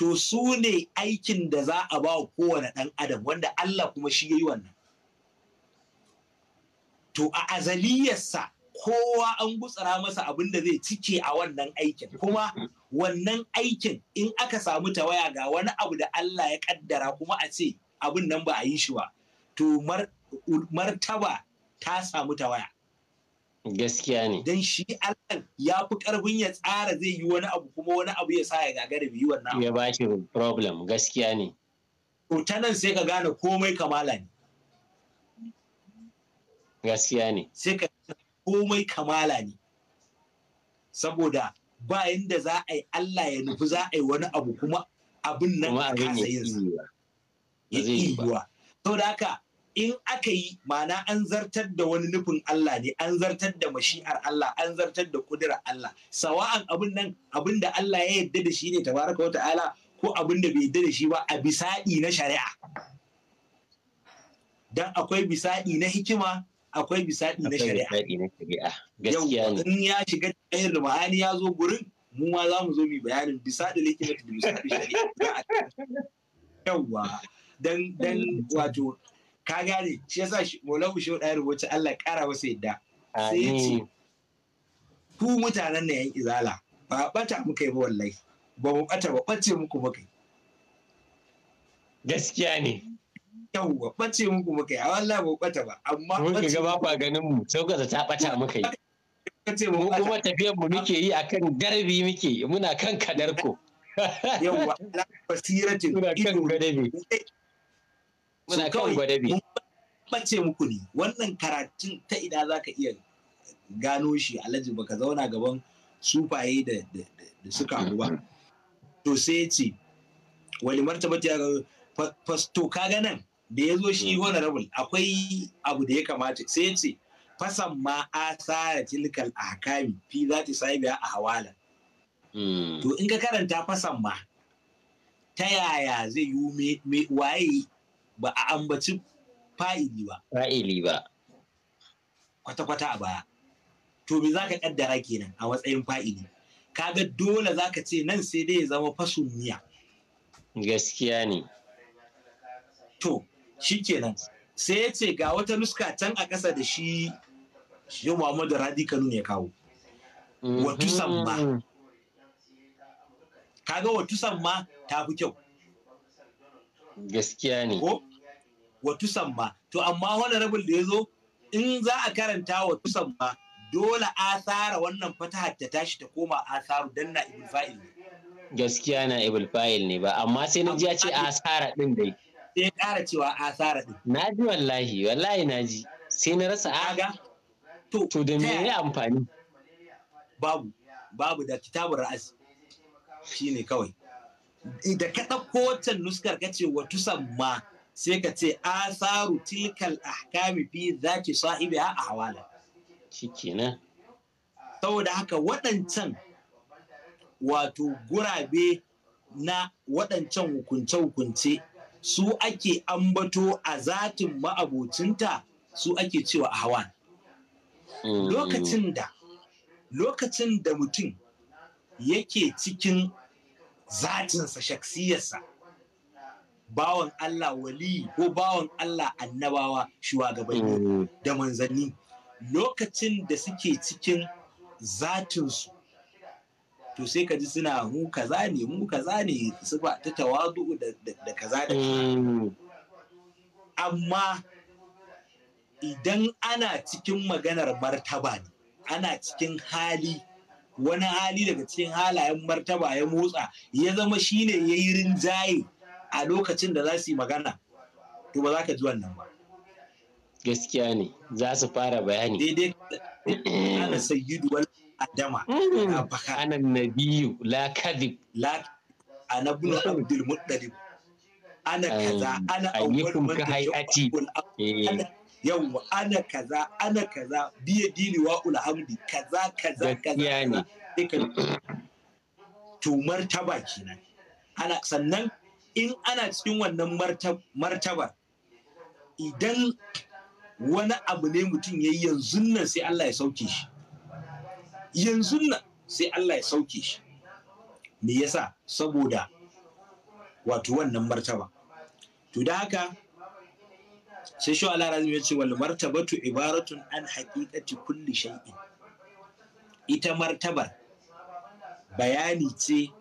to su ne aikin da za a ba wa kowane ɗan adam wanda Allah kuma shi yi wannan to a azaliyarsa kowa an gutsara masa abin da zai cike a wannan aikin kuma wannan aikin in aka samu ta waya ga wani abu da Allah ya kaddara kuma a ce abin nan ba a yi shi ba to martaba ta samu ta waya. gaskiya ne dan shi Allah ya fi karfin ya tsara zai yi wani abu kuma wani abu ya sa ya gagara biyu wannan ya ba shi problem gaskiya ne to ta nan sai ka gane komai kamala ne gaskiya ne sai ka komai kamala ne saboda ba yanda za a yi Allah ya nufi za a yi wani abu kuma abin nan a kasa yin sa ya iya yiwuwa saboda haka in aka yi ma'ana an zartar da wani nufin Allah ne an zartar da mashi'ar Allah an zartar da kudura Allah sawa'an abin nan abin da Allah ya yarda da shi ne tabaraka wa ta'ala ko abin da bai yarda da shi ba a bisaɗi na shari'a dan akwai bisaɗi na hikima akwai bisaɗi na shari'a gaskiya in ya shiga tsayar da ma'ani ya zo gurin mu ma za mu zo mu bayanin bisaɗi hikima da bisaɗi shari'a yawa dan dan wato ka gane shi yasa Maulahu Shehu ɗaya rubuce Allah ƙara wasu yadda sai ya ce ku mutanen na yan izala ba bata muka yi ba wallahi ba mu bata ba bace muku muka yi gaskiya ne ba bace muku muka yi a wallahi ba bata ba amma muka ga ba kwa ganin mu sai ka ta bata muka yi mu kuma tafiyar mu muke yi akan garbi muke muna kan kadarko ba basiratin ido muna kan mun bance muku ne wannan karatun ta ina za ka iya gano shi alhaji baka zauna gaban sufaye da suka abu ba to sai ya ce wani martaba ta fasto kaga nan da ya zo shi mm. honorable akwai abu da ya kamata sai ya ce fasan ma a tsara tilkal a hakami fi za ta sai biya a hawala mm. to in ka karanta fasan ma ta yaya zai yi waye ba a ambaci fa'ili ba fa'ili ba kwata-kwata a baya to me za ka kaddara kenan a matsayin fa'ili Ka ga dole za ka ce nan sai dai ya zama fasumiya gaskiya ne to shi kenan sai ya ce ga wata nuska can a ƙasa da shi shi Muhammadu Radi ne ya kawo mhm. ka ga kaga watu samma ta fi kyau gaskiya ne ko wa tusamma to amma honorable da ya zo in za a karanta wa tusamma dole asara wannan fatahar ta tashi ta koma asaru dan na ibul fa'il ne gaskiya na ibul fa'il ne ba amma sai na ji ya ce asara din dai sai eh, ya ƙara cewa asara din na ji wallahi wallahi na ji sai na rasa aga to da me ne amfani babu babu da kitabun ra'asi shine kawai da ka ɗauko wancan nuskar ka ce wa tusamma sai ka ce asaru tilkal ahkami fi zati sahibiha a hawala shikenan saboda haka waɗancan wato gurabe na waɗancan hukunce-hukunce su ake ambato a zatin ma'abocinta su ake cewa a hawan mm. lokacin da lokacin da mutum yake cikin zatinsa shaksiyarsa bawan Allah wali ko bawan Allah annabawa shugabanni hmm. da manzanni lokacin da suke cikin zatinsu to sai ka ji suna mu kaza ne mu kaza ne su ba ta tawadu da kaza da hmm. amma idan ana cikin maganar martaba ne ana cikin hali wani hali daga cikin halayen martaba ya motsa ya zama shine ya yi rinjaye a lokacin da za su yi magana to ba za ka ji wannan ba gaskiya ne za su fara bayani daidai ana sayyidu wal adama mm. baka ana nabiyu la kadib. la ana bin mm. abdul muttalib ana kaza ana ayyukum ka hayati eh. yawwa ana kaza ana kaza biye dini wa hamdi kaza kaza kaza ne to martaba kenan ana sannan in ana cikin wannan martaba idan wani abu ne mutum ya yi yanzu nan sai Allah ya sauke shi yanzu nan sai Allah ya sauke shi me yasa saboda wato wannan martaba to da haka sai shi Allah razumi ya ce wal martabatu ibaratun an haqiqati kulli shay'in ita martabar bayani ce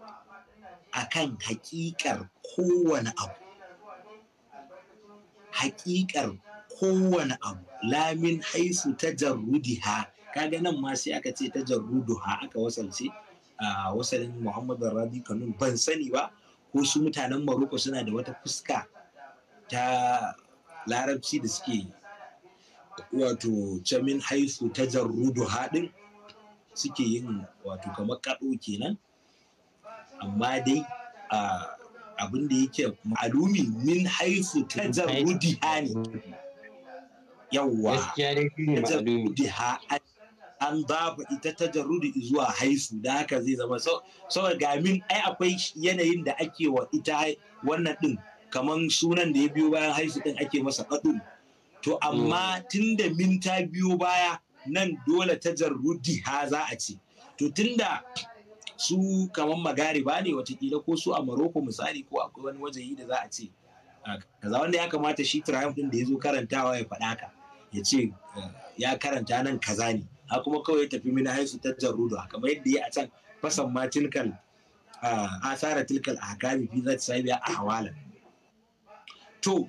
akan hakikar kowane abu hakikar kowane abu lamin haisu ta jarrudiha kaga nan ma sai aka ce ta jarruduha aka wasalce a wasalin muhammadu rabi kanun ban sani ba ko su mutanen maroko suna da wata fuska ta larabci da suke wato camin haisu ta jarruduha din suke yin wato kamar kaɗo kenan amma dai abin da yake ma'alumi min haifu ha ne yawwa ha an babu ita tajarrudi zuwa haisu da haka zai zama saboda min ai akwai yanayin da ake wa ita wannan din kamar sunan da ya biyo bayan haisu din ake masa kadu to amma mm. tunda min ta biyo baya nan dole tajarrudi ha za a ce to tunda su kamar magari ba ne watakila ko su a maroko misali ko akwai wani waje da za a ce ah, kaza wanda ya kamata shi triumph din da ya zo karantawa ya faɗa ka ya ce ah, ya karanta nan kaza ne ha kuma kawai ya tafi mina haisu ta jarrudu kamar yadda ya a can fasan ma tilkal ah, asara tilkal a hakami fi zai sabiya a hawala to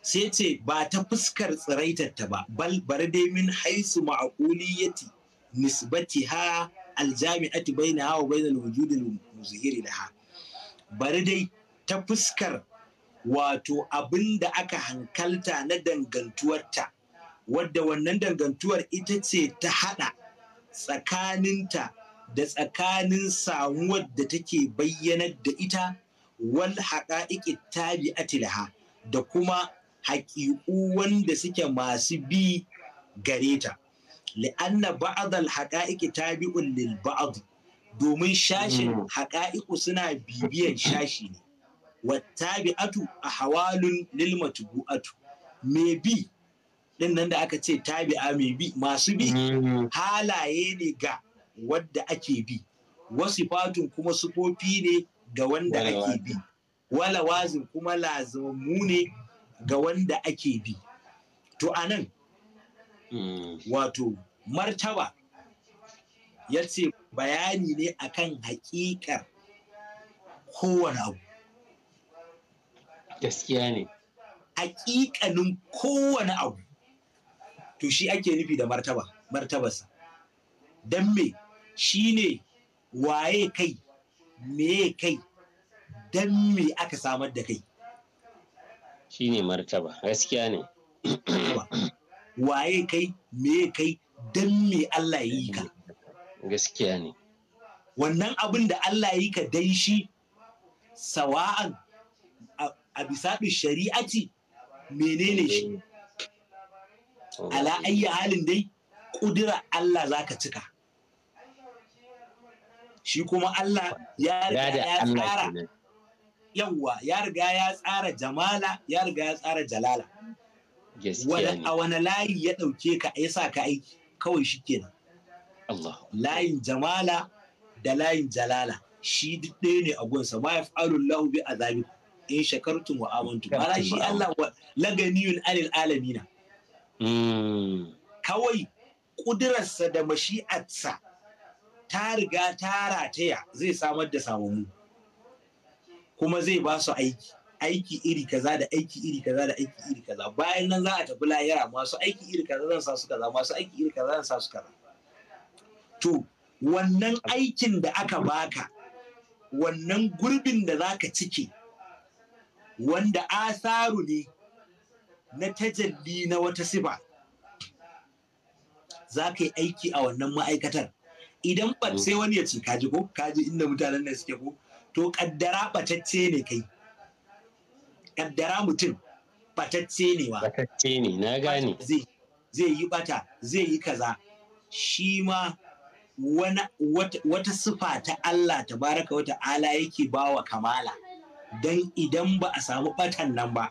sai ce ba ta fuskar tsiraitar ta ba bal bar dai min haisu ma'akuliyati nisbati ha aljami'ati baina hawa wujudin wujudil da laha bari dai ta fuskar wato abin da aka hankalta na dangantuwarta wadda wannan dangantuwar ita ce ta haɗa tsakaninta da tsakanin samuwar da take bayyanar da ita wal haƙa'iƙi tabi'ati laha da kuma haƙiƙu wanda suke masu bi gare ta li'anna ba'd al-haqa'iqi tabi'un lil ba'd domin shashin haqa'iqu suna bibiyan shashi ne wattabi'atu ahwalun lil matbu'atu me bi din nan da aka ce tabi'a me bi masu bi halaye ne ga wadda ake bi wasifatun kuma sufofi ne ga wanda ake bi wala wazin kuma lazimammu ne ga wanda ake bi to anan Mm. wato martaba ya ce bayani ne akan hakikar kowane abu gaskiya ne hakikanin kowane abu to shi ake nufi da martaba martabarsa don me shi ne waye kai me kai don me aka samar da kai shi ne martaba gaskiya ne waye kai me kai dan me Allah yi ka gaskiya ne wannan abin da Allah yi ka dan shi sawa'an a bisa shari'ati menene shi ala ayyi halin dai kudura Allah za ka cika shi kuma Allah ya ya tsara yawwa ya riga ya tsara jamala ya riga ya tsara jalala a wani layi ya ɗauke ka ya sa ka aiki kawai shi kenan layin jamala da layin jalala shi duk ɗaya ne a gunsa ma ya lahu bi azabi in shakartum wa amantu mala shi Allah wa laganiyun alil alamina hmm. kawai ƙudurarsa da mashi'atsa ta riga ta rataya zai samar da mu kuma zai ba su aiki aiki iri kaza da aiki iri kaza da aiki iri kaza bayan nan za a tafi layara masu aiki iri kaza zan sa su kaza masu aiki iri kaza zan sa su kaza to wannan aikin da aka baka wannan gurbin da za ka cike wanda asaru ne na tajalli na wata sifa za ka yi aiki a wannan ma'aikatar idan mm. sai wani ya ce kaji ko kaji inda mutanen nan suke ko to kaddara batacce ne kai kaddara mutum batacce ne wa batacce ne na gane zai yi bata zai yi kaza shi ma wata sifa ta Allah ta baraka wata ala yake bawa kamala don idan ba a samu batan nan ba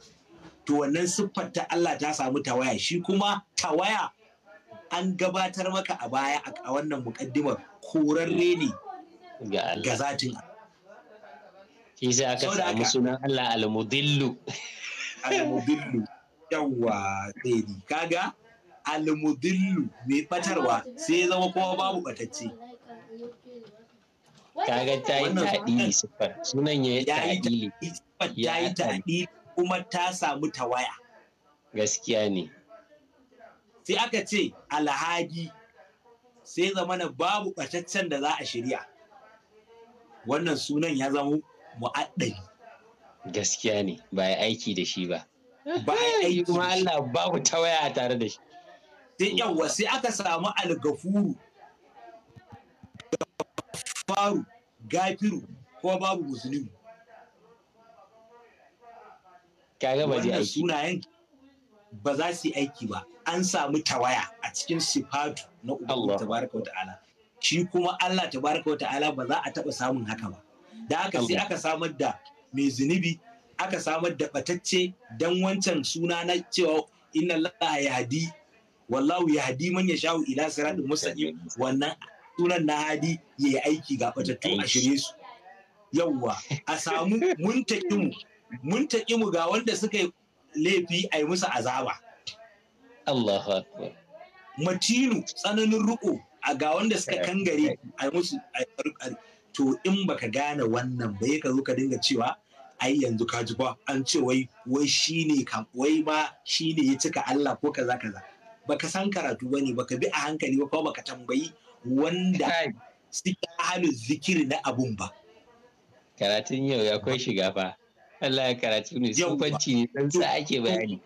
to wannan siffar ta Allah ta samu tawaya shi kuma tawaya an gabatar maka a baya a wannan mukaddimar korarre ne ga zatin Allah shi sai aka samu sunan Allah al-mudillu al-mudillu yawa sai kaga al-mudillu mai batarwa sai ya zama kuma babu batacce kaga ta yi ta'dili siffar sunan ya yi ta'dili ya yi taɗi kuma ta samu tawaya gaskiya ne sai aka ce Alhaji sai zamana babu ɓataccen da za a shirya wannan sunan ya zamo mu'addali gaskiya ne ba ya aiki da shi ba ba ya aiki kuma Allah babu waya tare da shi sai yawa sai aka samu algafuru faru gafiru ko babu musulmi kaga ba zai aiki sunayen ba za su yi aiki ba an samu tawaya a cikin sifatu na ubangiji tabaraka wa ta'ala shi kuma Allah tabaraka wa ta'ala ba za a taba samun haka ba da aka sai aka samar da mai zunubi aka samar da batacce dan wancan suna na cewa inna Allah yahdi wallahu yahdi man yashau ila siratin mustaqim wannan sunan na hadi yayi aiki ga batattu a shirye su yawwa a samu muntakimu muntakimu ga wanda suka yi laifi a yi musu azaba Allahu akbar matinu tsananin ruko a ga wanda suka eh, kangare eh. a yi musu to in baka gane wannan bai ka zo ka dinga cewa ai yanzu ka ji ba an ce wai wai shine ne wai ma shine ya cika Allah ko kaza kaza baka san karatu bane baka bi a hankali ba ko baka tambayi wanda suke halin zikiri na abun ba karatun yau ya kwai shiga fa Allah ya karatu ne sufanci ne dan sa ake bayani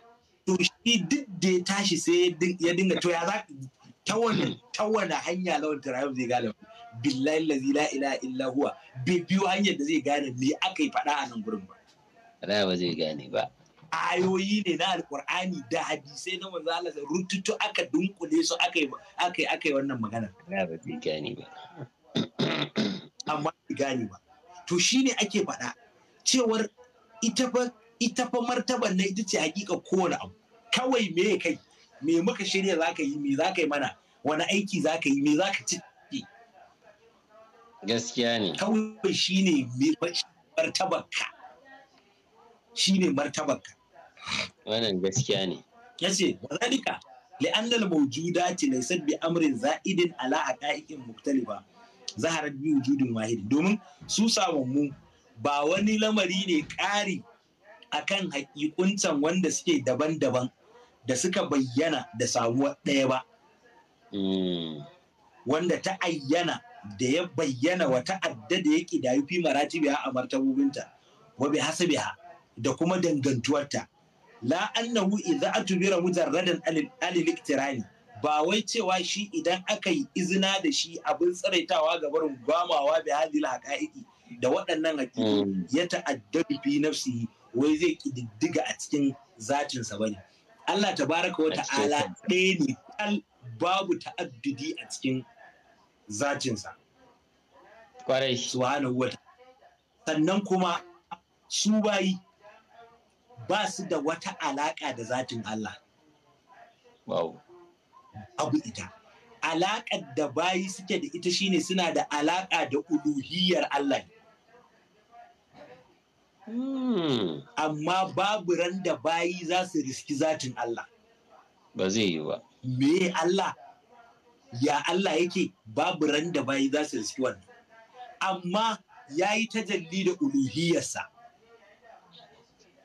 to shi duk da ya tashi sai ya dinga to ya za ta wani hanya lawan tarayya zai gane billahi lazi la ilaha illa huwa bai biyo hanyar da zai gane me aka yi faɗa a nan gurin ba Allah ba zai gane ba ayoyi ne na Alƙur'ani da hadisai na manzo Allah rututu aka dunkule su aka yi aka yi aka yi wannan magana Allah ba zai gane ba amma bai gane ba to ne ake faɗa cewar ita fa ita fa martaban na ita ce hakika kowane abu kawai me kai me muka shirya zaka yi me zaka yi mana wani aiki zaka yi me zaka ci gaskiya ne kawai shine martabarka shine martabarka wannan gaskiya ne yace wazalika li'annal mawjudati laysat bi amrin za'idin ala haqa'iqin muktalifa zaharat bi wujudin wahidi domin su mu ba wani lamari ne ƙari akan haƙiƙuntan wanda suke daban-daban da suka bayyana da samuwa ɗaya ba mm. wanda ta ayyana da ya bayyana wa ta'adda da ya kidayu fi biya a martabobinta wa bi hasabiha da kuma dangantuwarta la annahu idza atubira mujarradan alil iktirani ba wai cewa shi idan aka yi izina da shi abin tsaraitawa ga barin gwamawa bi hadil haqa'iqi da waɗannan haƙiƙu hmm. ya ta'adda fi nafsi wai zai kididdiga a cikin zatinsa bane Allah tabaraka wa ta'ala ɗaya ne babu ta'addudi a cikin zatinsa kwarai subhanahu wata. sannan kuma su bayi ba su da wata alaƙa da zatin Allah wow abu ita alaƙar da bayi suke da ita shine suna da alaƙa da uluhiyar Allah hmm. amma babu ran da bayi za su riski zatin Allah ba zai yi ba me Allah ya Allah yake babu ran da bayi za su riski wannan amma ya yi tajalli da uluhiyarsa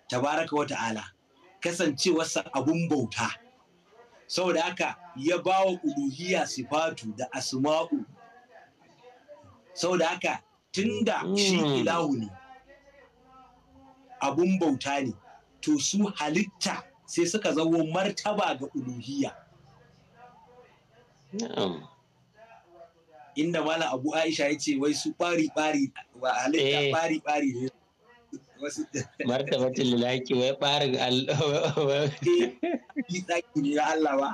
tabaraka wa ta'ala kasancewarsa abun bauta saboda haka ya ba wa uluhiya sifatu da asma'u saboda haka da shi hmm. ilahu ne abun bauta ne to su halitta sai suka zawo martaba ga uluhiya inda mala abu aisha ya ce wai su ɓari ɓari ba halitta eh. ɓari ɓari ne martabatin lilaki wai ɓarin allah eh, ki ne ya allah ba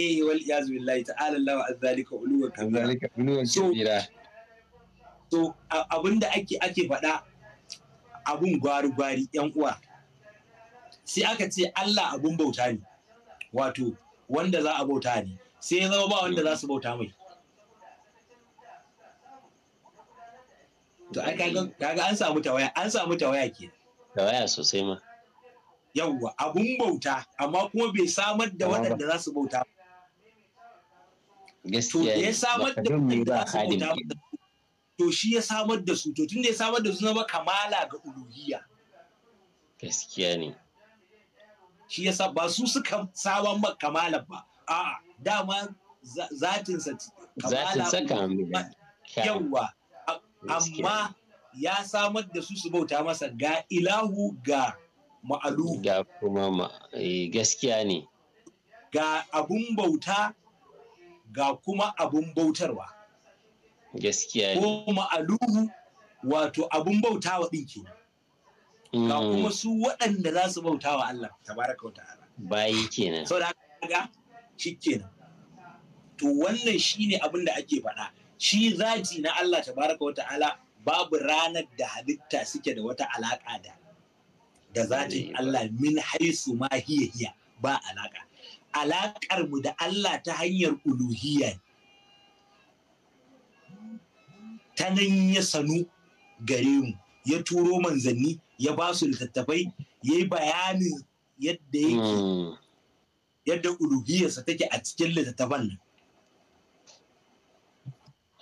eh wal iyazu billahi ta'ala allah wa azzalika uluwa kabira so so abinda ake ake faɗa abun gwari gwari yan uwa sai aka ce allah abun bauta ne wato wanda za a bauta ne sai ya zama ba wanda za su bauta mai to ai kaga an samu tawaya an samu tawaya ke tawaya sosai ma yawwa abun bauta amma kuma bai samar da waɗanda za su bauta gaskiya ya samar da waɗanda za su bauta to shi ya samar da su to tun da ya samar da su zama kamala ga uluhiyya gaskiya ne shi ya sa ba su suka sawan kamalar ba a'a dama zatinsa zatinsa kamala yawwa amma ya samar da su su bauta masa ga ilahu ga ma'alu ga kuma eh, gaskiya ne ga abun bauta ga kuma abun bautarwa gaskiya ne ko ma'aluhu wato abun bautawa din kenan ga mm. kuma su waɗanda za su bautawa Allah tabaraka wa ta'ala bayi kenan da haka shikenan to wannan shine abin da ake faɗa shi zaji na Allah tabaraka wa ta'ala babu ranar da halitta suke da wata alaƙa da da zatin Allah min haisu ma hiya hiya ba alaƙa alaƙar mu da Allah ta hanyar uluhiyya ta nan ya sanu gare mu ya turo manzanni ya ba su littattafai ya yi bayanin yadda yake hmm. yadda uluhiyarsa take a cikin littattafan nan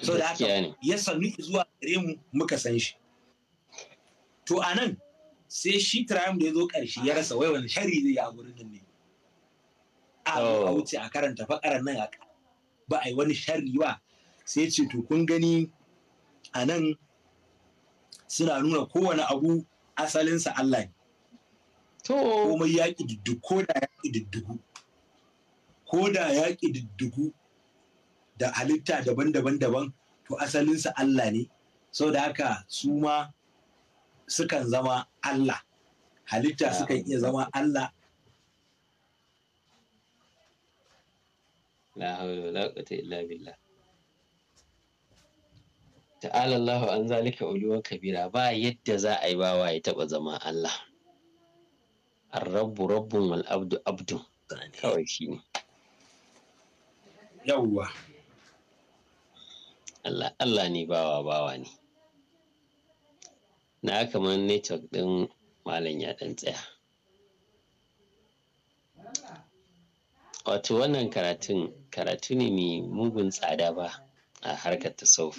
so da haka ya sannu zuwa gare mu muka san shi to a nan sai shi Trump da ya zo ƙarshe ya rasa wai wani shari zai yi a gurin nan ne a oh. wuce a karanta fakarar nan a ba a yi wani shari ba sai ce to kun gani a nan suna nuna kowane abu asalinsa Allah ne. To. Komai ya ƙididdigu ko da ya ƙididdigu. ko da ya ƙididdigu da halitta daban-daban daban to asalinsa Allah ne da haka su ma sukan zama Allah halitta sukan iya zama Allah la illa ta'ala Allah an zalika uluwar kabira ba yadda za a yi bawa ya taba zama Allah An rabbu rabbu wal abdu abdu kawai ne. yawwa Allah ne bawa bawa ne na kamar network ɗin malam ya ɗan tsaya wato wannan karatun karatu ne mai mugun tsada ba a harkar tasawuf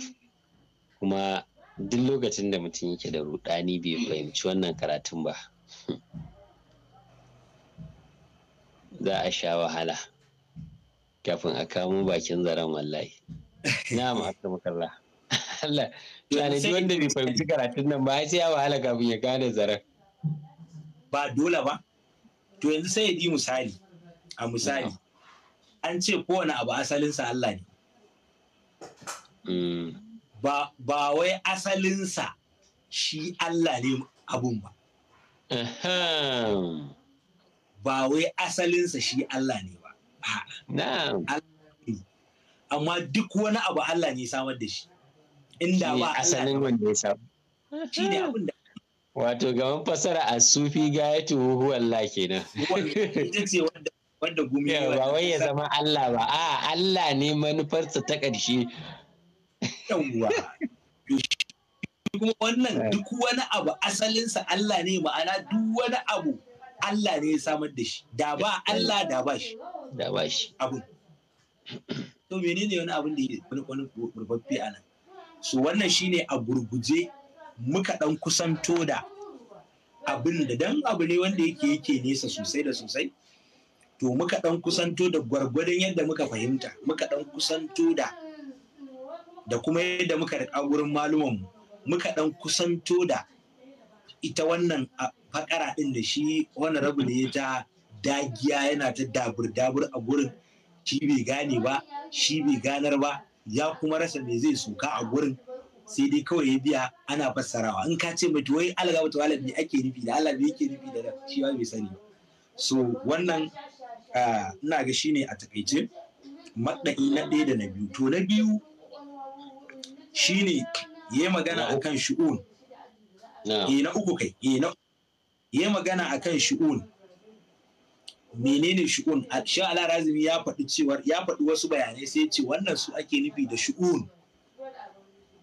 kuma duk lokacin da mutum yake da rudani bai fahimci wannan karatun ba za a sha wahala kafin a kamo bakin zaren wallahi na ma'akar makalla Allah tanadi wanda bai fahimci karatun nan ba sai ya wahala kafin ya gane zaren ba dole ba to yanzu sai ya di misali a misali an ce kowane abu asalinsa Allah ne mm. ba wai asalinsa shi Allah ne abun ba ba wai asalinsa shi Allah ne amma duk wani abu Allah ne samar da shi inda ba asalin wanda ya samu shi ne abin da wato gaban fasara a sufi gayatu huhu kenan ke nan. wanda wanda gumi ba wai ya zama Allah ba a Allah ne manufarsa ta ƙarshe yawwa kuma wannan duk wani abu asalinsa Allah ne ma'ana duk wani abu Allah ne ya samar da shi da ba Allah da ba shi da ba shi abu to menene wani abin da wani wani gurbabbe a nan so wannan shine a gurguje muka dan kusanto da abin da dan abu ne wanda yake yake nesa sosai da sosai to muka dan kusanto da gwargwadon yadda muka fahimta muka dan kusanto da da kuma yadda muka riƙa gurin malumanmu muka dan kusanto da ita wannan fakara ɗin da shi wani rabu ne ta dagiya yana ta dabur-dabur a gurin shi bai gane ba shi bai ganar ba ya kuma rasa mai zai suka a gurin sai dai kawai ya biya ana fassarawa in ka ce mai wai alaga wata wala me ake nufi da ala yake nufi da shi ba bai sani ba so wannan ina ga shi ne a takaice maɗa'i na ɗaya da na biyu to na biyu shine ya yi magana akan shi'un eh na uku kai yi na ya magana a kan shi'un menene shi'un shi ala razumi ya faɗi cewar ya faɗi wasu bayanai sai ce wannan su ake nufi da shi'un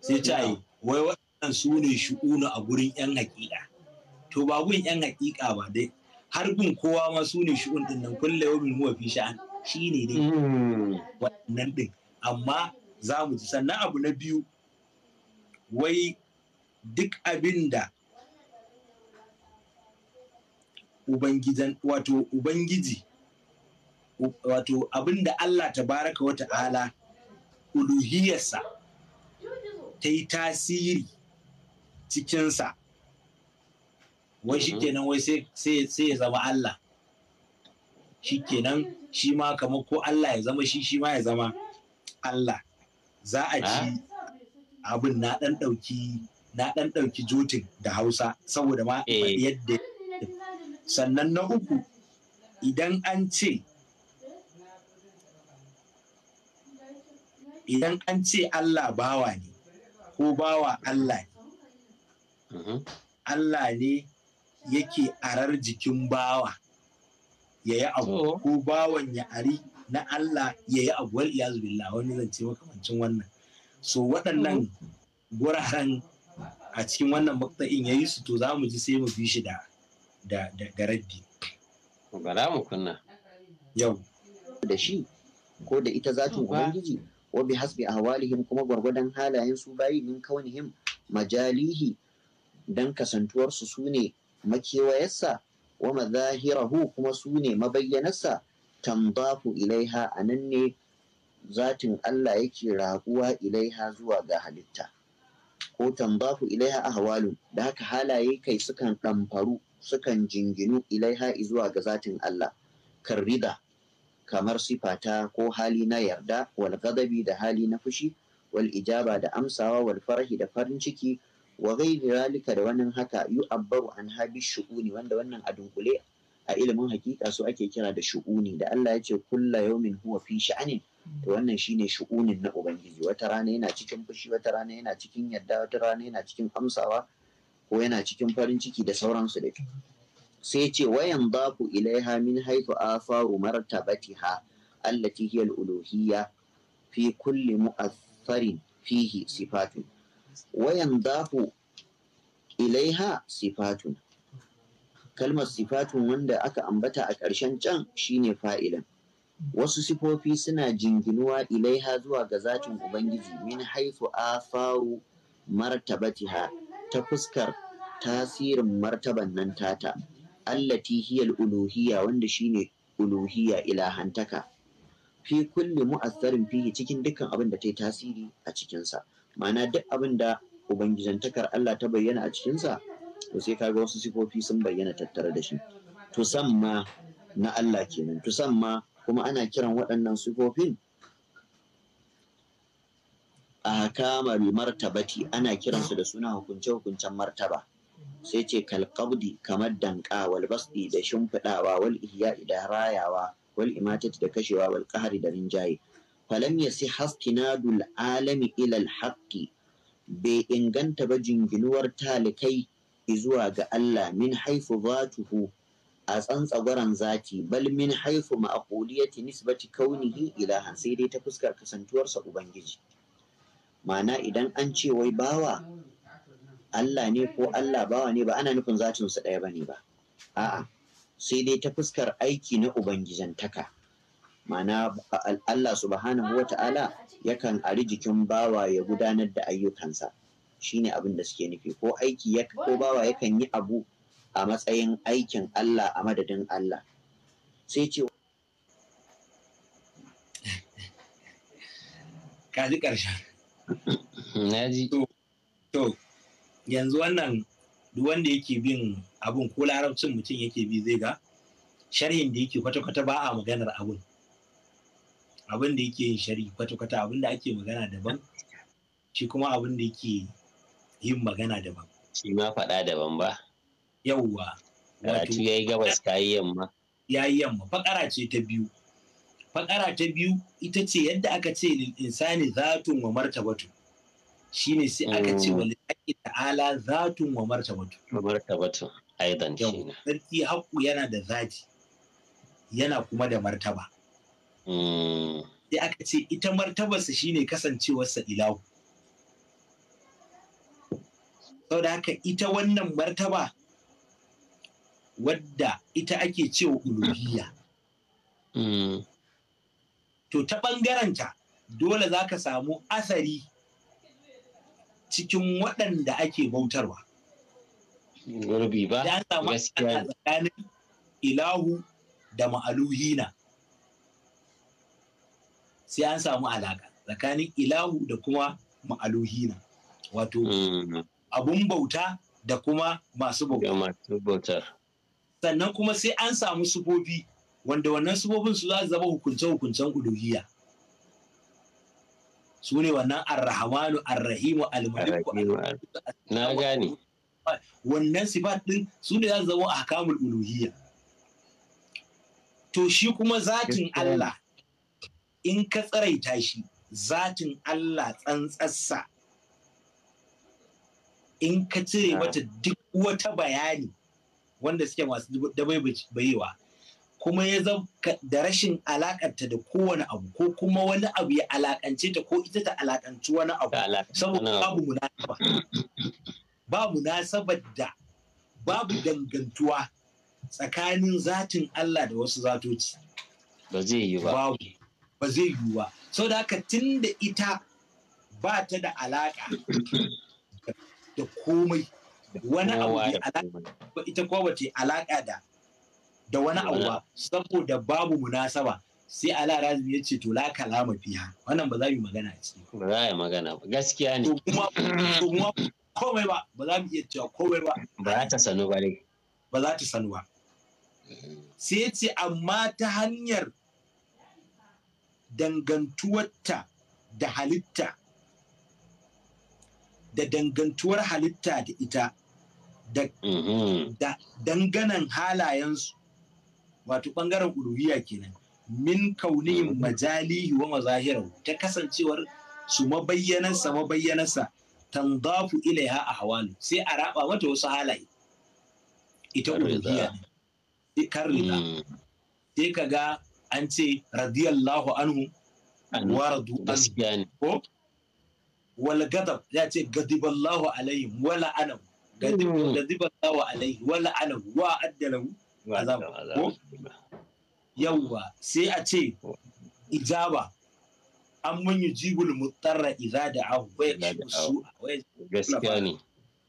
sai ce yi wai wannan su ne shi'un a gurin yan hakika to ba gun yan hakika ba dai har gun kowa ma su ne shi'un din nan kulle yau huwa fi sha'an ne dai hmm. wannan din amma za mu ji sannan abu na biyu wai duk abin da wato Ubangiji wato abin da Allah baraka wa ta'ala uluhiyarsa ta yi tasiri cikinsa wai shi kenan wai sai ya zama Allah shi kenan shi ma kamar ko Allah ya zama shi shi ma ya zama Allah za a ci ah. abin na ɗan ɗauki na ɗan ɗauki jotin da hausa saboda ma eh. yadda sannan na uku idan an ce idan an ce Allah bawa ne ko bawa Allah ne mhm. Allah ne yake arar jikin bawa ya yi abu ko bawan ya ari na Allah ya yi abu wal iyazu billah wani zance makamancin wannan so waɗannan guraren a cikin wannan makta'in ya yi su to za mu ji sai mu bi shi da da raddi mu kunna yau da shi ko da ita zatin ubangiji wa bi hasbi ahwalihim kuma gwargwadon halayen su bayi min kaunihim majalihi dan kasantuwarsu su ne makewayarsa wa mazahirahu kuma su ne mabayyanarsa tambaku ilaiha anan ne zatin Allah yake raguwa ilaiha zuwa ga halitta ko tambahu ilaiha ahwalu da haka halaye kai sukan ɗamfaru sukan jinginu ilaiha zuwa ga zatin Allah kan rida kamar sifata ko hali na yarda wal gadabi da hali na fushi wal ijaba da amsawa wal farahi da farin ciki wa ghairi zalika da wannan haka yu abbaru an habi shu'uni wanda wannan a dunkule a ilimin hakika su ake kira da shu'uni da Allah ya ce kulla yawmin huwa fi sha'anin to wannan shine shu'unin na ubangiji wata rana yana cikin fushi wata rana yana cikin yadda wata rana yana cikin amsawa ko yana cikin farin ciki da sauransu da sai ce wayan ku ilaiha min haifu afaru martabatiha allati hiya al-uluhiyya fi kulli mu'assarin fihi sifatun wayan ku ilaiha sifatun kalmar sifatun wanda aka ambata a ƙarshen can shine fa'ilan wasu sifofi suna jinginuwa ilaiha zuwa ga zatin ubangiji min haifu faru martabatiha ta fuskar tasirin martaban nan tata allati hiyal uluhiyya wanda shine uluhiyya ilahantaka fi kulli mu'assarin fihi cikin dukkan abin da ta yi tasiri a cikinsa ma'ana duk abin da ubangijantakar Allah ta bayyana a cikinsa to sai kaga wasu sifofi sun bayyana tattare da shi to samma na Allah kenan to samma kuma ana kiran waɗannan sufofin, a kamar martabati ana kiransu da suna hukunce-hukuncen martaba sai ce kalkabdi kamar danka wal basdi da shimfiɗawa wal iya da rayawa wal imatati da kashewa wal ƙahari da rinjaye falam na dul alami ilal haƙƙi. bai inganta ba jinginuwar talikai zuwa ga Allah min haifu zatuhu a tsantsagwaran zati bal min haifu ma'aquliyati nisbati kaunihi ilahan sai dai ta fuskar kasantuwarsa ubangiji ma'ana idan an ce wai bawa Allah ne ko Allah bawa ne ba ana nufin zatin su ɗaya bane ba a'a sai dai ta fuskar aiki na ubangijantaka ma'ana Allah subhanahu wata'ala yakan ari jikin bawa ya gudanar da ayyukansa shine abin da suke nufi ko aiki ko bawa yakan yi abu a matsayin aikin Allah a madadin Allah sai ce ka ji ƙarshen na ji to yanzu wannan duwanda wanda yake bin abun ko larabcin mutum yake bi zai ga sharhin da yake kwata-kwata ba a maganar abun abin da yake yin shari kwata-kwata abin da ake magana daban shi kuma abin da yake yin magana daban shi ma faɗa daban ba yauwa wato ya yi gabas ta yi yamma ya yi yamma fakara ce ta biyu fakara ta biyu ita ce yadda aka ce lil insani zatun wa martabatu shine sai aka ce mm. wa lillahi ta'ala zatun wa martabatu wa martabatu aidan shine sarki haƙu yana da zati yana kuma da martaba mm. sai aka ce ita martabarsa shine kasancewarsa ilahu da haka ita wannan martaba wadda ita ake cewa uluhiyya. Hmm. To ta ɓangaranta dole za ka samu asari cikin waɗanda ake bautarwa. Gurbi ba, Ya samu tsakanin ilahu da ma'aluhina. Sai an samu alaƙa tsakanin ilahu da kuma ma'aluhina. Wato, hmm. abun bauta da kuma masu bauta. sannan kuma sai an samu sufofi wanda wannan sufofin su za su zama hukunce-hukuncen uluhiyya su ne wannan arrahamanu arrahimu almaliku na gane wannan sifat din su ne za su zama ahkamul uluhiyya to shi kuma zatin Allah in ka tsaraita shi zatin Allah tsantsassa in ka cire ah. mata duk wata bayani wanda suke masu baiwa kuma ya zama da rashin alakanta da kowane abu ko kuma wani abu ya alakance ta ko ita ta alakanci wani abu saboda babu munasaba babu munasabar da babu dangantuwa tsakanin zatin Allah da wasu zatoci ba zai yi ba ba zai yi ba so da haka tunda da ita ba ta da alaka da komai wani abu bai alaƙa ita ko alaƙa da da wani abu ba saboda babu munasaba sai ala razumi ya ce to la kalama fiha wannan ba za mu magana a ciki ba za mu magana ba gaskiya ne kuma kuma komai ba ba za mu iya cewa komai ba ba za ta sanu ba dai ba za ta sanu ba sai ya ce amma ta hanyar dangantuwarta da halitta da dangantuwar halitta da ita Mhm. da danganan halayensu wato ɓangaren uluhiyya kenan min kaunihim mhm. majalihi wa mazahira ta kasancewar su mabayyanansa mabayyanansa tanzafu ilaiha a hawalu sai a raba mata wasu halaye ita uluhiyya ne kar rida mhm. sai ka ga an ce radiyallahu anhu wa radu anhu ko wal gadab ya ce gadiballahu alaihim wala anam gadiba hmm. Allahu alaihi wa la'anahu wa addalahu azab ko yawwa sai a ce ijaba an man yujibul mutarra idza da'ahu wa yakshifu gaskiya ne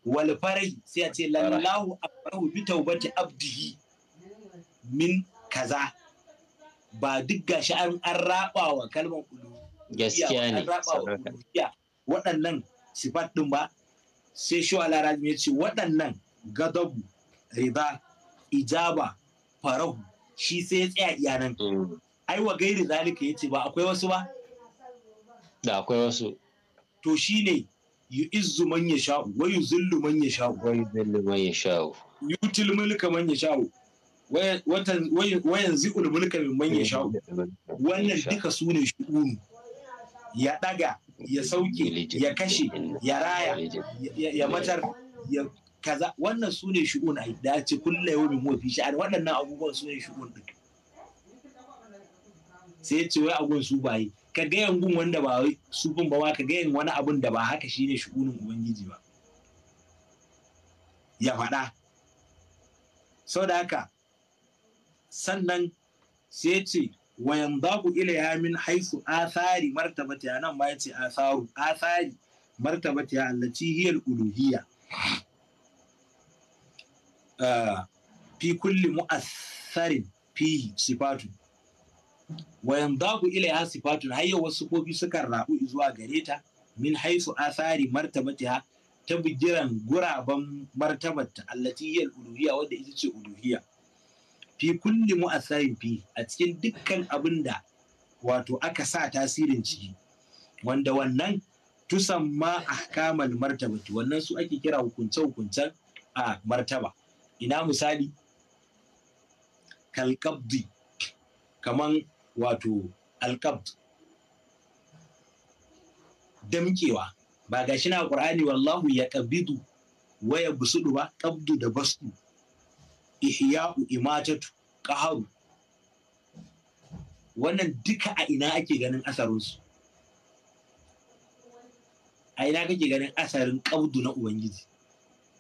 wal farai sai a ce lallahu afrahu bi tawbati abdihi min kaza ba duk gashi an an raba wa kalmar ulu gaskiya ne waɗannan sifat ɗin ba sai shi alarajim ya ce waɗannan gadabu riba ijaba farahu shi sai ya tsaya iyanan mm. ai wa gairi zalika ya ce ba akwai wasu ba da akwai wasu to shi ne yu izu man ya sha'u wa yu zillu man ya sha'u wa yu zillu man ya sha'u yutil mulka man ya sha'u wayan zi'ul mulka min man ya sha'u wannan duka su ne shi'unu ya ɗaga ya sauke ya kashe ya raya ya matar ya kaza wannan su ne shu'un a da ce kulle yau mai mafi shi'ar waɗannan abubuwan su ne ɗin sai ce wai abun su bayi ka gayan gun wanda ba wai bin ba ka gayan wani abun da ba haka shi shine shi'unin ubangiji ba ya faɗa sau da haka sannan sai ce wayan babu ila ya min haisu athari martabati nan ma yace atharu athari martabati allati hiya al-uluhiyya ah, fi kulli mu'assarin fihi sifatun wayan babu ila ya sifatun har wasu kofi sukan rabu zuwa gare ta min haisu athari martabatiha ta bigiran guraben martabarta allati hiya al-uluhiyya wanda ita ce uluhiyya fi kulli mu'asarin fi a cikin dukkan abin da wato aka sa tasirin ciki wanda wannan tusan tusamma ahkamal martaba wannan su ake kira hukunce hukunce a martaba ina misali kalkabdi kaman wato alkabdi damkewa ba gashi na ƙur'ani wallahu ya ƙabidu waya busudu ba ƙabdu da basu ihya'u imatatu ƙaharu wannan duka a ina ake ganin asarinsu a ina kake ganin asarin kabdu na ubangiji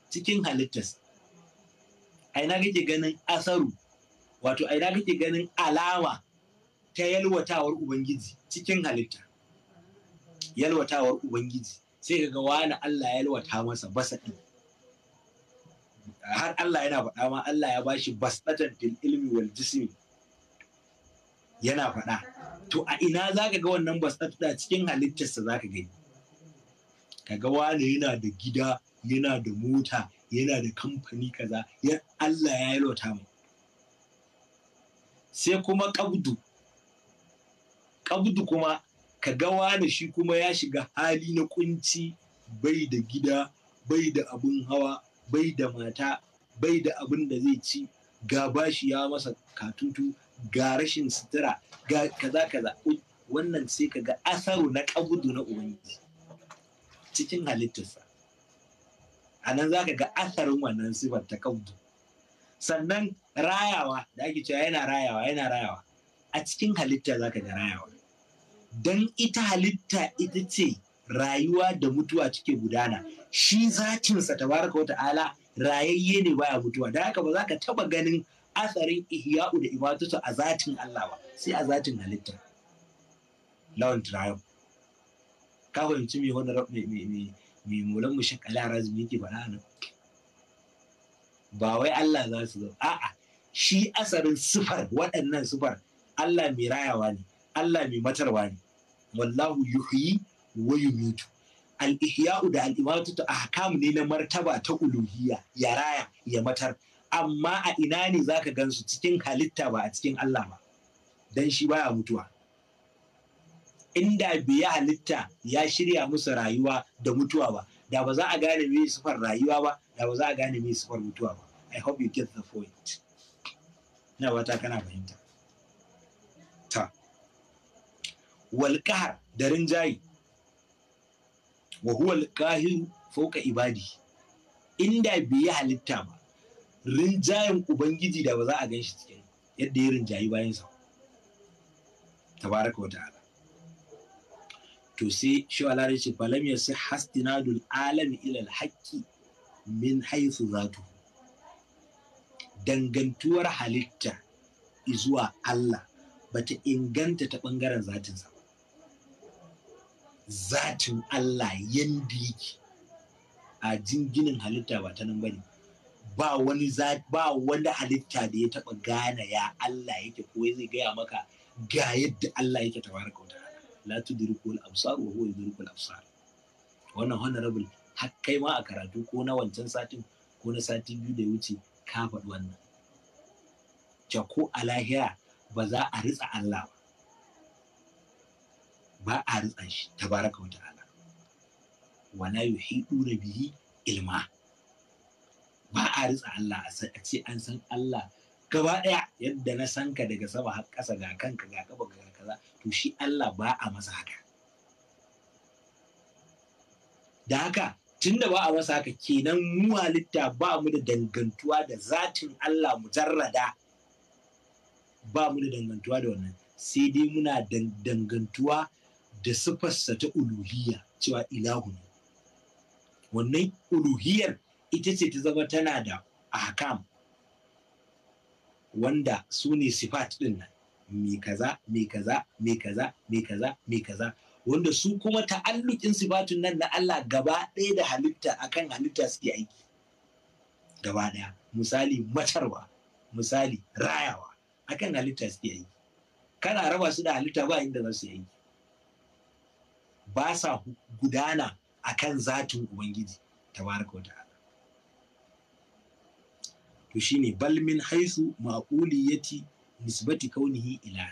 cikin halittas a ina kake ganin asaru wato a ina kake ganin alama ta yalwatawar ubangiji cikin halitta yalwatawar ubangiji sai ga wani allah yalwata masa basa ɗin har Allah yana faɗa ma Allah ya bashi basdatan fil ilmi wal jismi yana faɗa to a ina za ka ga wannan basdata cikin halittarsa ka gani kaga wani yana da gida yana da mota yana da kamfani kaza ya Allah ya yi lota mu sai kuma kabdu kabdu kuma ka ga wani shi kuma ya shiga hali na kunci bai da gida bai da abun hawa bai da mata bai da abin da zai ci ga bashi ya masa katutu ga rashin sutura ga kaza kaza wannan sai ka ga asaru na kabudu na ubangiji cikin halittarsa a nan za ka ga asarin wannan sifar ta kabudu sannan rayawa da ake cewa yana rayawa yana rayawa a cikin halitta za ka ga rayawa don ita halitta ita ce rayuwa da mutuwa cike gudana shi ta baraka wata ala, rayayye ne baya mutuwa da haka ba za ka taba ganin asarin ihya'u da imatusu a zatin Allah ba sai a zatin halitta lawan tirayon ka fahimci me wani mai mulan mu shakala razumi yake faɗa nan ba wai Allah za su zo a'a shi asarin sufar, waɗannan sufar. Allah mai rayawa ne Allah mai matarwa ne wallahu yuhyi wa yumitu al-ihya'u da al-imatu ahkam ne na martaba ta uluhiyya ya raya ya matar amma a ina ne zaka gansu cikin halitta ba a cikin Allah ba dan shi baya mutuwa inda biya halitta ya shirya musu rayuwa da mutuwa ba da ba za a gane me sifar rayuwa ba da ba za a gane me sifar mutuwa ba i hope you get the point na wata kana fahimta ta walƙahar da rinjayi wa huwa al ibadi inda bai yi halitta ba rinjayen ubangiji da ba za a gan shi cikin yadda ya rinjayi bayan sa tabaraka wata ala to sai shi ala ce falam yasi hastinadul alami ila al min haythu zatu dangantuwar halitta zuwa Allah bata inganta ta bangaren zatinsa zatin Allah yanda yake a jinginin halitta ba ta nan bane ba wani ba wani halitta da ya taba gane ya Allah yake ko zai gaya maka ga yadda Allah yake tabaraka wa ta'ala la tudriku al-absar wa huwa yudriku al-absar wannan honorable har kai ma a karatu ko na wancan satin ko na sati biyu da ya wuce ka faɗi wannan ja ko a lahira ba za a ritsa Allah ba ba a ta shi tabaraka wa ta'ala wala yuhiduna bihi ilma ba a ritsa Allah a ce an san Allah gaba ɗaya yadda na san ka daga sama har ƙasa ga kanka ga kaba ga kaza to shi Allah ba a masa haka da haka tunda ba a masa haka kenan mu halitta ba mu da dangantuwa da zatin Allah mujarrada ba mu da dangantuwa da wannan sai dai muna dangantuwa da siffarsa ta uluhiyya cewa ilahu ne wannan uluhiyar ita ce ta zama tana da ahkam wanda su ne sifat ɗin nan me kaza me kaza me kaza me kaza me kaza wanda su kuma ta'allukin sifatun nan na Allah gaba ɗaya da halitta akan halitta suke aiki gaba ɗaya misali matarwa misali rayawa akan halitta suke aiki kana raba su da halitta ba inda za su yi aiki. ba sa gudana a kan zatin ubangiji tabaraka wata ta'ala to shine bal min haisu ci nisbati kaunihi ila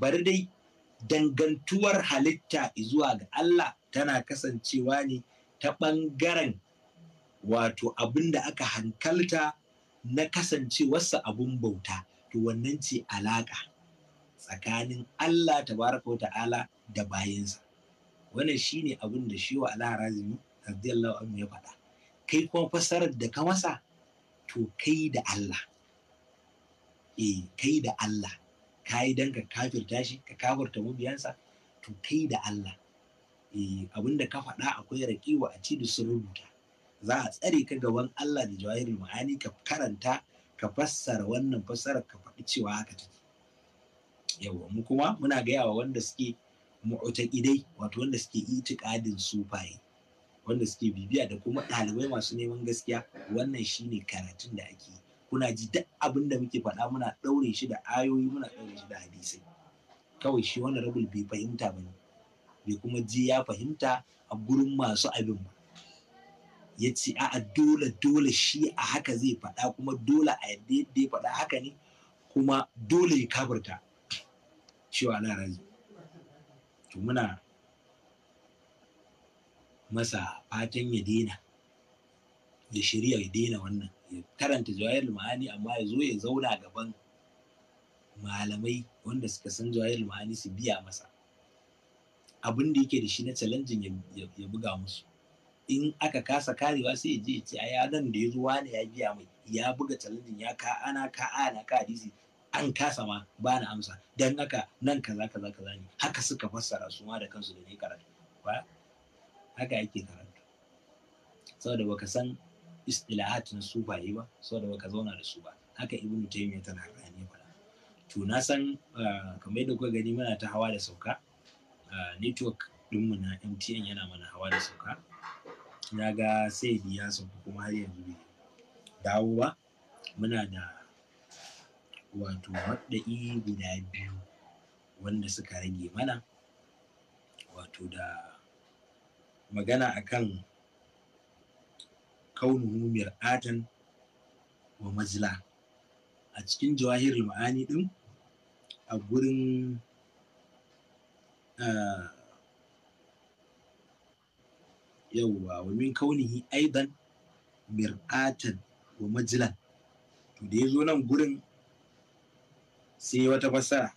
bari dai dangantuwar halitta zuwa ga Allah tana kasancewa ne ta ɓangaren wato abin da aka hankalta na kasancewarsa abun bauta to wannan ce alaƙa tsakanin Allah tabaraka wa ta'ala da bayansa wannan shine abin da shi wa Allah razumi radiyallahu anhu ya faɗa kai kuma fassarar da ka masa to kai da Allah e kai da Allah kai dan ka kafirta shi ka kafirta mubiyansa to kai da Allah e abin da ka faɗa akwai raƙiwa a cikin da sun rubuta za a tsare ka gaban Allah da jawahirul ma'ani ka karanta ka fassara wannan fassarar ka faɗi cewa haka take yawa mu kuma muna gaya wa wanda suke kidai wato wanda suke itikadin sufaye wanda suke bibiya da kuma ɗalibai masu neman gaskiya wannan shine karatun da ake kuna ji duk abin da muke faɗa muna ɗaure shi da ayoyi muna ɗaure shi da hadisai kawai shi wannan rabul bai fahimta ba ne bai kuma je ya fahimta a gurin masu abin ba ya ce a'a dole dole shi a haka zai faɗa kuma dole a yadda ya faɗa haka ne kuma dole ya kabarta cewa na razi to muna masa fatan ya daina ya shirya ya daina wannan ya karanta jawahir ma'ani amma ya zo ya zauna gaban malamai wanda suka san jawahir ma'ani su biya masa abin da yake da shi na challenging ya buga musu in aka kasa karewa sai ya je ya ce a yaran da ya zo wani ya biya mai ya buga challenging ya ka ana ka ana ka hadisi an kasa ma ba na amsa dan haka nan kaza kaza kaza ne haka suka fassara su ma da kansu da ne karatu ba haka yake karatu saboda baka san istilahatin su ba yi ba saboda baka zauna da su ba haka ibnu taymiya tana rani ba to na san ah, kamar yadda kuka gani muna ta hawa da sauka ah, network dinmu na MTN yana mana hawa da sauka na ga sai ya sauka kuma har yanzu bai dawo ba muna da wato maɗa'i guda biyu wanda suka rage mana wato da magana akan kaunuhu mir'atan wa mazla a cikin jawahir ma'ani ɗin a gurin ah, yauwa wa min kaunihi aidan mir'atan wa majlan to da ya zo nan gurin sai wata fasa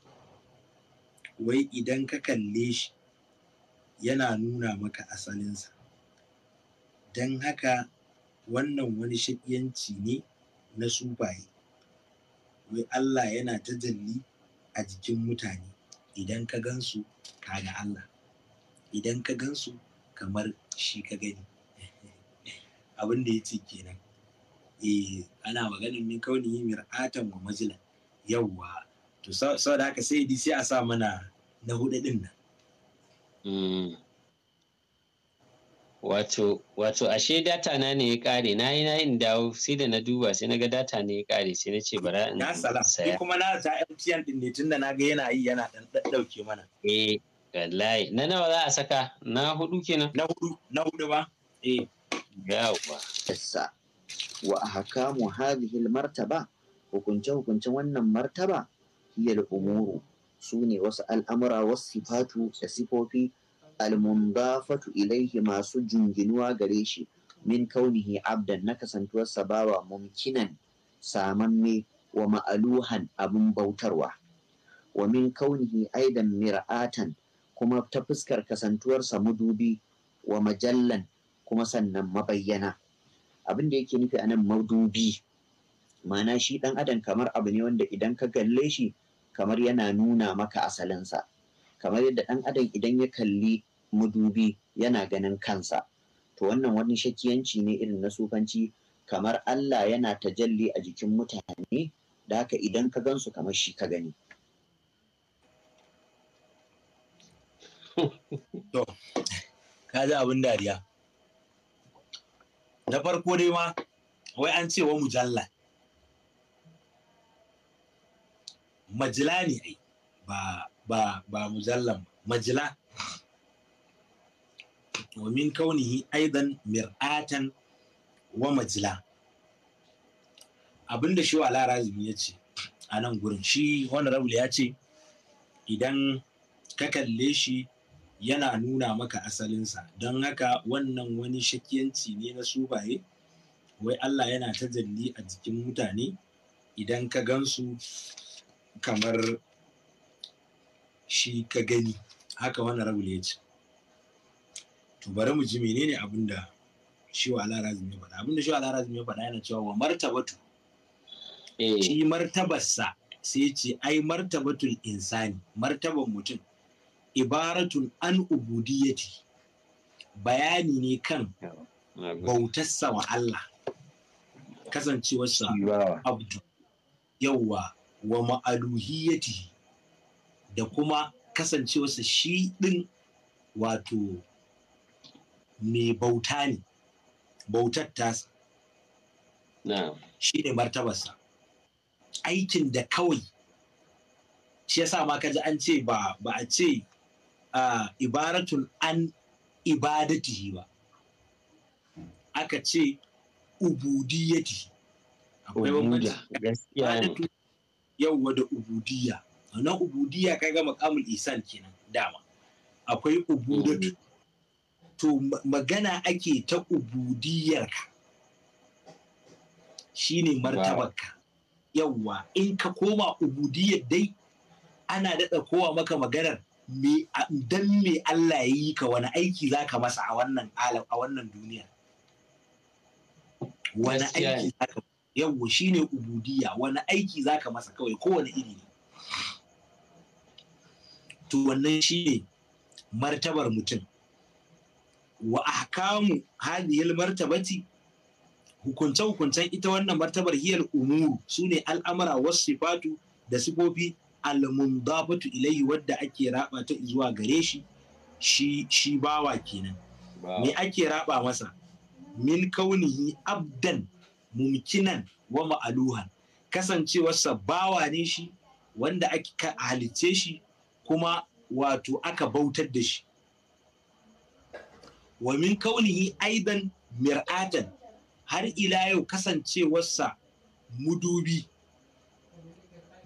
wai idan ka kalle shi yana nuna maka asalinsa don haka wannan wani shakiyanci ne na sufaye wai Allah yana tajalli a jikin mutane idan ka gansu kada Allah idan ka gansu kamar shi ka gani abin da ya ce kenan eh ana maganin min kauni mir'atan wa majalan yawwa to sau da haka sai DC a sa mana na hudu din nan hmm. wato wato ashe data na ne ya kare na yi na in dawo sai da na duba sai na ga data ne ya kare sai na ce bara in saya kuma na ta MTN din ne tunda na ga yana yi yana dan dauke mana eh wallahi na nawa za a saka na hudu kenan na hudu na hudu ba eh yawa yassa wa ahkamu hadhihi martaba hukunce hukuncen wannan martaba hiyal umuru su ne wasu al'amura wasu sifatu da sifofi al'Mumbafatu ilaihi masu junginuwa gare shi min kaunihi abdan na kasantuwar bawa mumkinan samamme wa ma'aluhan abin bautarwa wa min kaunihi aidan mir'atan kuma ta fuskar kasantuwarsa madubi wa majallan kuma sannan mabayyana abin da yake nufi anan madubi ma'ana shi dan adam kamar abu ne wanda idan ka galle shi kamar yana nuna maka asalinsa kamar yadda ɗan adam idan ya kalli madubi yana ganin kansa to wannan wani shakiyanci ne irin na sufanci kamar Allah yana tajalli a jikin mutane da haka idan ka gansu kamar shi ka gani to ka ji abin dariya na farko dai ma wai an ce wa mujalla majila ne ai ba ba ba mujallam majila domin kaunihi aidan mir'atan wa abin da shi wa ya ce a nan gurin shi wani raul ya ce idan ka kalle shi yana nuna maka asalinsa don haka wannan wani shakiyanci ne na subaye wai Allah yana ta a jikin mutane idan ka gansu kamar shi ka gani haka wani rabul ya ce to bari mu ji menene abin da shi wa Allah razumi ya faɗa abin da shi wa Allah razumi ya faɗa yana cewa wa martabatu eh. shi martabarsa sai ce ai martabatul insani martabar mutum ibaratun an ubudiyati bayani ne kan bautarsa wa Allah kasancewarsa abdu yawwa wa ma'aluhiyati da kuma kasancewarsa shi ɗin wato mai bauta ne bautar tasa shi ne martabarsa aikin da kawai shi yasa ma kaji an ce ba a ce ibaratun an ibadatihi ba aka ce ubudiyati akwai ne. yawwa da ubudiyya na ubudiyya ga makamul isan kenan dama akwai ubudatu mm. to magana ake ta ka shine martabarka yawwa in ka koma ubudiyar dai ana daɗa kowa maka maganar dan me Allah ya yi ka wani aiki za ka masa a wannan alam a wannan duniya wani aiki za ka masa yawo shine ubudiya, wani aiki zaka masa kawai kowane iri ne to wannan shine martabar mutum wa ahkamu hadhihi martabati hukunce hukuncen ita wannan martabar hiyar umuru sune al'amara wasu sifatu da sifofi al-mundafatu ilayhi wadda ake raba ta zuwa gare shi shi shi bawa kenan me ake raba masa min kaunihi abdan mumkinan wa ma'aluhan kasancewarsa bawa ne shi wanda aka halice shi kuma wato aka bautar da shi wa min kaunihi aidan mir'atan har ila yau kasancewarsa mudubi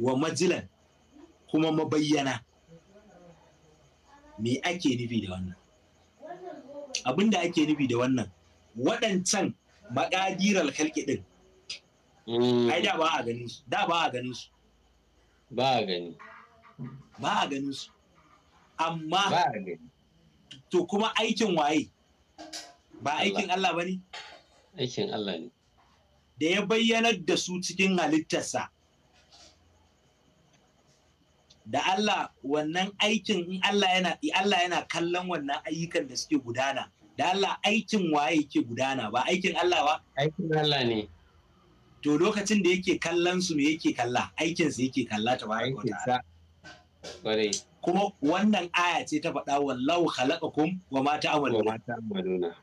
wa majilan kuma mabayyana me ake nufi da wannan abin da ake nufi da wannan waɗancan maƙadiral kalki din hmm. ai da ba a ganin su da ba a ganin su ba a gani ba a ganin su amma ba a gani to kuma aikin waye ba aikin Allah ba ne aikin Allah ne da ya bayyanar da su cikin halittarsa da Allah wannan aikin in Allah yana Allah yana kallon wannan ayyukan da suke gudana da Allah aikin waye yake gudana ba aikin Allah ba aikin Allah ne to lokacin da yake kallon su me yake kalla aikin su yake kalla ta bayan wata kuma wannan aya ce ta faɗa wallahu khalaqakum wa ma ta'maluna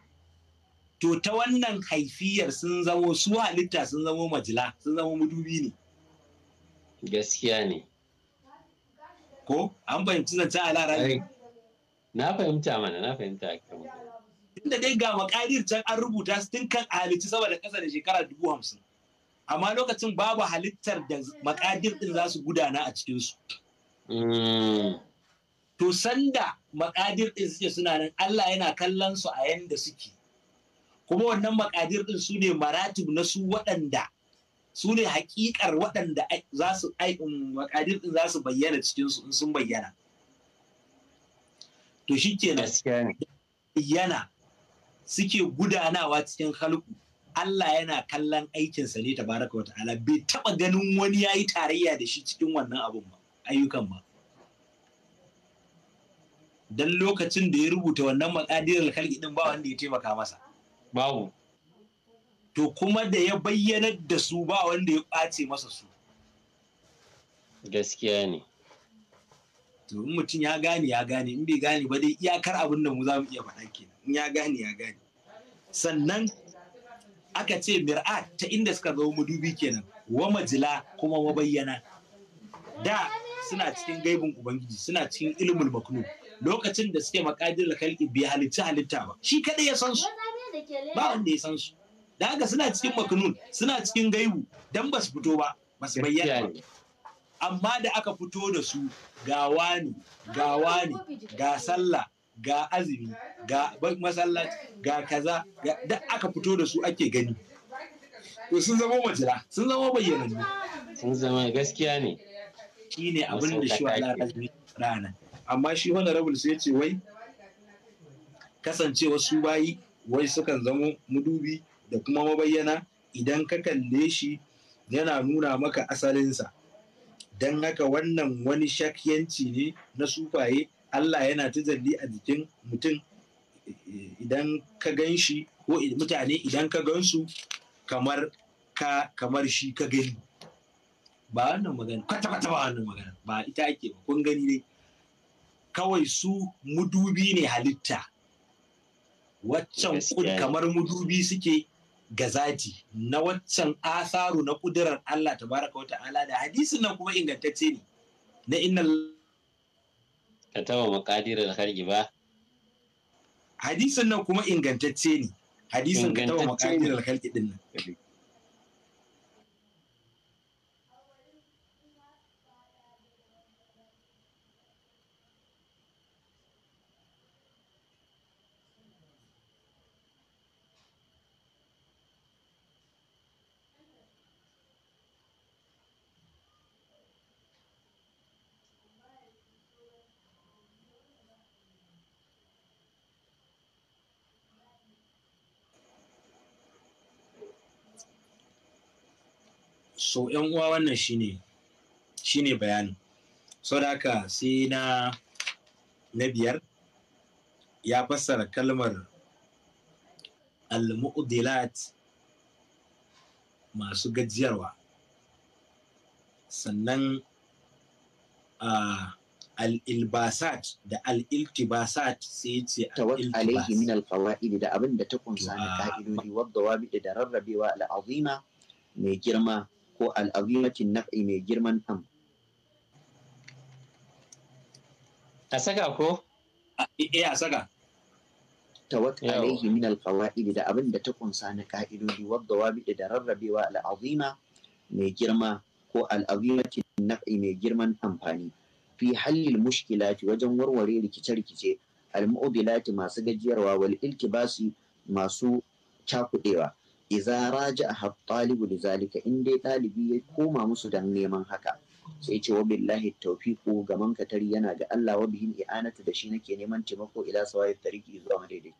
to ta wannan haifiyar sun zamo su halitta sun zamo majila sun zamo mudubi ne gaskiya ne ko an fahimci zancen a ne? na fahimta mana na fahimta a tunda dai ga makarir can an rubuta su tun kan halitti saboda da kasa da shekara dubu hamsin amma lokacin babu halittar da makadir din za su gudana a cikinsu mm. to sanda makadir din suke suna nan Allah yana kallon su a yanda suke kuma wannan makadir din su ne maratib na su waɗanda su ne hakikar waɗanda za su um, makadir din za su bayyana cikinsu in sun bayyana to shi kenan bayyana suke gudanawa cikin halku Allah yana kallon aikinsa ne tabaraka wa ta'ala bai taba ganin wani yayi tarayya da shi cikin wannan abun ba ayyukan ba dan lokacin da ya rubuta wannan maqadirul khalqi din ba wanda ya taimaka masa babu to kuma da ya bayyana da su ba wanda ya kwace masa su gaskiya ne to in mutum ya gane ya gane in bai gane ba dai iyakar abin da mu za mu iya faɗa kenan ya gane ya gane sannan aka ce mir'at ta inda suka zo madubi kenan wa majila kuma wa bayyana da suna cikin gaibin ubangiji suna cikin ilimin maknu lokacin da suke makadir da kalki bai halitta halitta ba shi kadai ya san su ba wanda ya san su da haka suna cikin maknun suna cikin gaibu dan ba su fito ba ba su bayyana ba amma da aka fito da su ga wani ga wani ga sallah ga azumi ga masallaci ga kaza da aka fito da su ake gani to sun zama majira sun zama ne. sun zama gaskiya ne shi ne abin da shi wala azumi rana amma shi wani rabul sai ce wai kasancewa su bayi wai sukan zamo mudubi da kuma mabayyana idan ka kalle shi yana nuna maka asalinsa don haka wannan wani shak'iyanci ne na sufaye Allah yana tazalli a jikin mutum idan ka gan shi ko mutane idan ka gan su kamar ka kamar shi ka gani ba wannan magana kwata kwata ba wannan magana ba ita ake ba kun gani dai kawai su mudubi ne halitta waccan kamar mudubi suke ga zati na waccan asaru na kudurar Allah tabaraka wa ta'ala da hadisin nan kuma ingantacce ne na inna kataba makadirar hargi ba hadisin nan kuma ingantacce ne hadisin kataba makadirar hargi din nan so yan uwa wannan shine shine bayanin so da haka sai na na biyar ya fassara kalmar al-mu'dilat masu gajiyarwa sannan uh, al-ilbasat da al-iltibasat sai ya ce alaihi min al-fawaid da abin ta kunsa na ka'idodi wadda wabi da rarrabewa al-azima mai girma ko al'azimacin naf'i mai girman am. A saka ko? Eh a saka. Tawakkal alaihi min da abin da ta kunsa na ƙa'idodi, wadda wabi da rarrabewa al'azima mai girma ko al'azimacin naf'i mai girman amfani. Fi halil mushkilati wajen warware rikice-rikice al masu gajiyarwa wal basi masu cakuɗewa. iza raja a talibu da zalika in dai ɗalibi ya koma musu don neman haka sai ce wa billahi tawfiqu gaman katari yana ga Allah wa bihin i'anatu da shi nake neman taimako ila ya tariki zuwa madaidai